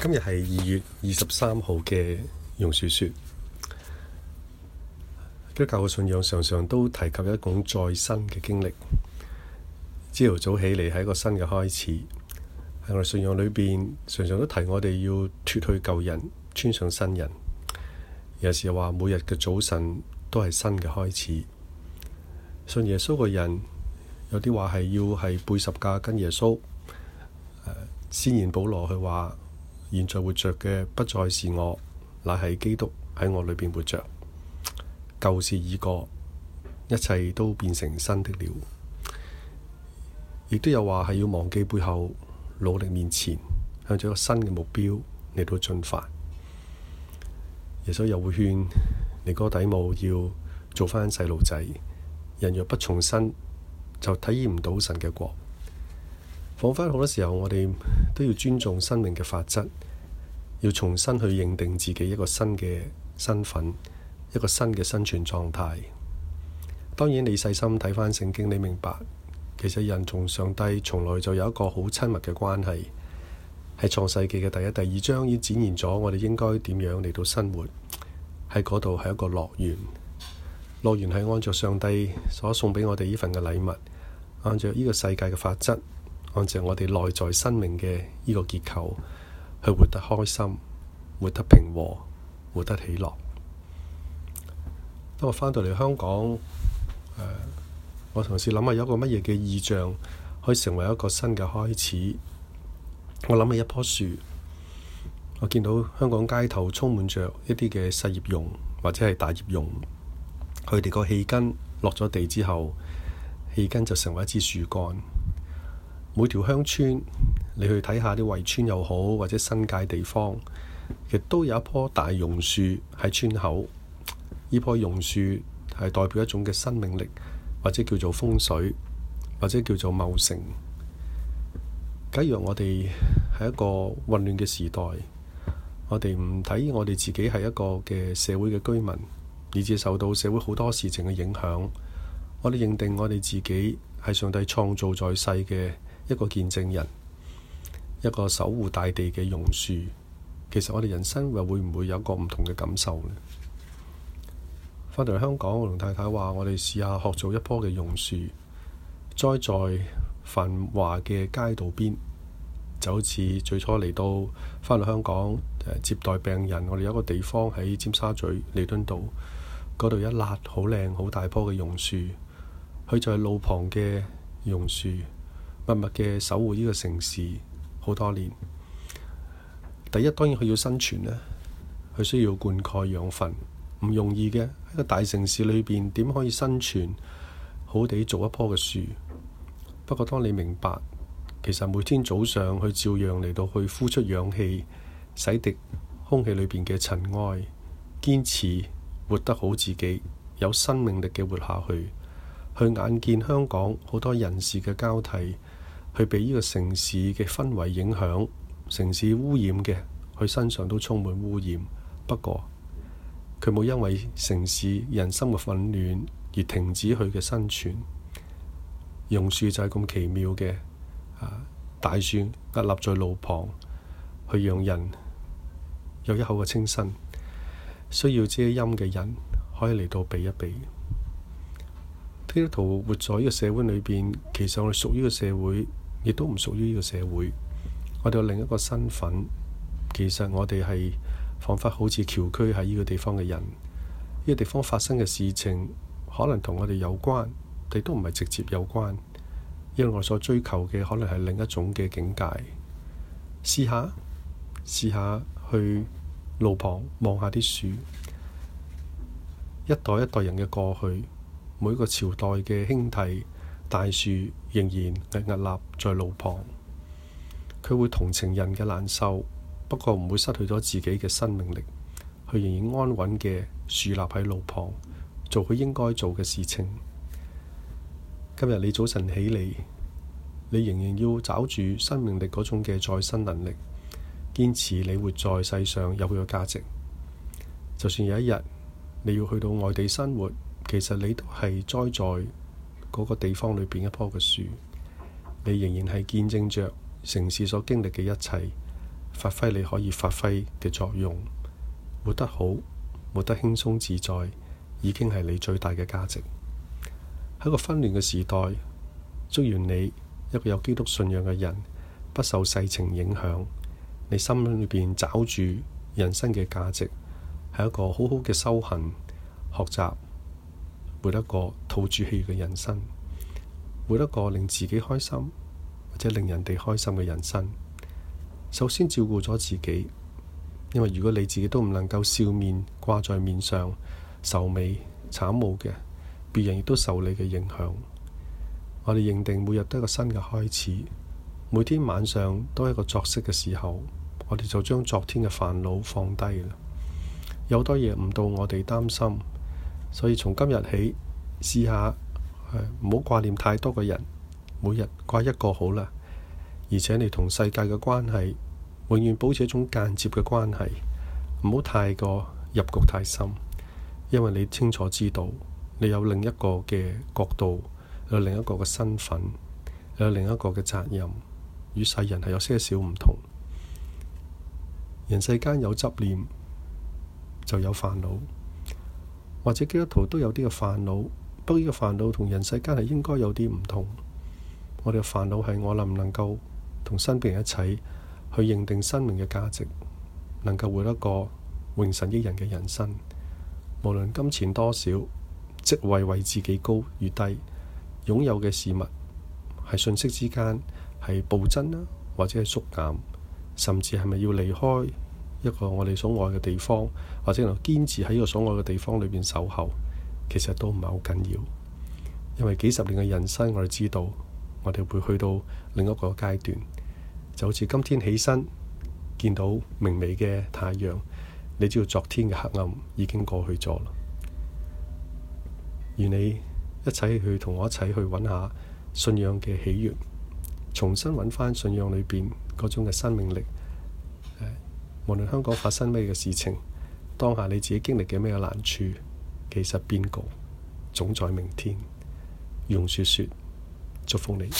今日係二月二十三號嘅榕樹說，基督教嘅信仰常常都提及一種再生嘅經歷。朝頭早起嚟係一個新嘅開始。喺我哋信仰裏邊，常常都提我哋要脫去舊人，穿上新人。有時話每日嘅早晨都係新嘅開始。信耶穌嘅人有啲話係要係背十架跟耶穌。先賢保羅佢話。現在活着嘅不再是我，乃係基督喺我裏邊活着。舊事已過，一切都變成新的了。亦都有話係要忘記背後，努力面前，向住個新嘅目標嚟到進發。耶穌又會勸尼哥底母要做翻細路仔。人若不重生，就體驗唔到神嘅國。放返好多時候我哋。都要尊重生命嘅法則，要重新去認定自己一個新嘅身份，一個新嘅生存狀態。當然，你細心睇翻聖經，你明白其實人同上帝從來就有一個好親密嘅關係。係創世紀嘅第一、第二章已展現咗我哋應該點樣嚟到生活。喺嗰度係一個樂園，樂園係按照上帝所送俾我哋呢份嘅禮物，按照呢個世界嘅法則，按照我哋內在生命嘅呢個結構，去活得開心，活得平和，活得喜樂。當我返到嚟，香港，呃，我嘗試諗下有一個乜嘢嘅意象，可以成為一個新嘅開始。我諗起一棵樹，我見到香港街頭充滿着一啲嘅細葉榕或者係大葉榕，佢哋個氣根落咗地之後，氣根就成為一支樹幹。每條鄉村，你去睇下啲圍村又好，或者新界地方，亦都有一棵大榕樹喺村口。呢棵榕樹係代表一種嘅生命力，或者叫做風水，或者叫做茂盛。假如我哋喺一個混亂嘅時代，我哋唔睇我哋自己係一個嘅社會嘅居民，以致受到社會好多事情嘅影響。我哋認定我哋自己係上帝創造在世嘅。一個見證人，一個守護大地嘅榕樹。其實我哋人生又會唔會有個唔同嘅感受咧？翻到香港，我同太太話：我哋試下學做一棵嘅榕樹，栽在繁華嘅街道邊，就好似最初嚟到返到香港接待病人。我哋有一個地方喺尖沙咀彌敦道嗰度，一粒好靚好大棵嘅榕樹，佢就係路旁嘅榕樹。默默嘅守護呢個城市好多年。第一，當然佢要生存咧，佢需要灌溉養分，唔容易嘅喺個大城市裏邊點可以生存？好地做一棵嘅樹。不過，當你明白其實每天早上去，照樣嚟到去呼出氧氣，洗滌空氣裏邊嘅塵埃，堅持活得好自己，有生命力嘅活下去，去眼見香港好多人士嘅交替。佢被呢個城市嘅氛圍影響，城市污染嘅佢身上都充滿污染。不過佢冇因為城市人心嘅混亂而停止佢嘅生存。榕樹就係咁奇妙嘅，啊，大樹屹、呃、立在路旁，去讓人有一口嘅清新。需要遮陰嘅人可以嚟到避一避。基督徒活在呢個社會裏邊，其實我哋屬於個社會。亦都唔屬於呢個社會，我哋有另一個身份。其實我哋係彷彿好似僑居喺呢個地方嘅人，呢個地方發生嘅事情可能同我哋有關，但都唔係直接有關，因為我所追求嘅可能係另一種嘅境界。試下，試下去路旁望下啲樹，一代一代人嘅過去，每一個朝代嘅兄弟。大樹仍然屹屹立在路旁，佢會同情人嘅難受，不過唔會失去咗自己嘅生命力，佢仍然安穩嘅樹立喺路旁，做佢應該做嘅事情。今日你早晨起嚟，你仍然要找住生命力嗰種嘅再生能力，堅持你活在世上有佢嘅價值。就算有一日你要去到外地生活，其實你都係栽在。嗰個地方裏邊一棵嘅樹，你仍然係見證着城市所經歷嘅一切，發揮你可以發揮嘅作用，活得好，活得輕鬆自在，已經係你最大嘅價值。喺個紛亂嘅時代，祝願你一個有基督信仰嘅人，不受世情影響，你心裏邊找住人生嘅價值，係一個好好嘅修行學習。每一個套住氣嘅人生，每一個令自己開心或者令人哋開心嘅人生，首先照顧咗自己。因為如果你自己都唔能夠笑面掛在面上，愁眉慘霧嘅，別人亦都受你嘅影響。我哋認定每日都係一個新嘅開始，每天晚上都係一個作息嘅時候，我哋就將昨天嘅煩惱放低啦。有多嘢唔到我哋擔心。所以從今日起，試下唔好掛念太多嘅人，每日掛一個好啦。而且你同世界嘅關係，永遠保持一種間接嘅關係，唔好太過入局太深。因為你清楚知道，你有另一個嘅角度，有另一個嘅身份，有另一個嘅責任，與世人係有些少唔同。人世間有執念，就有煩惱。或者基督徒都有啲嘅煩惱，不過呢個煩惱同人世間係應該有啲唔同。我哋嘅煩惱係我能唔能夠同身邊人一齊去認定生命嘅價值，能夠活得個榮神益人嘅人生。無論金錢多少，職位位置幾高與低，擁有嘅事物係瞬息之間係暴增啦，或者係縮減，甚至係咪要離開？一個我哋所愛嘅地方，或者能夠堅持喺呢個所愛嘅地方裏邊守候，其實都唔係好緊要。因為幾十年嘅人生，我哋知道我哋會去到另一個階段，就好似今天起身見到明媚嘅太陽，你知道昨天嘅黑暗已經過去咗啦。而你一齊去同我一齊去揾下信仰嘅喜悅，重新揾翻信仰裏邊嗰種嘅生命力。無論香港發生咩嘅事情，當下你自己經歷嘅咩嘅難處，其實變局總在明天。榕樹說，說：祝福你。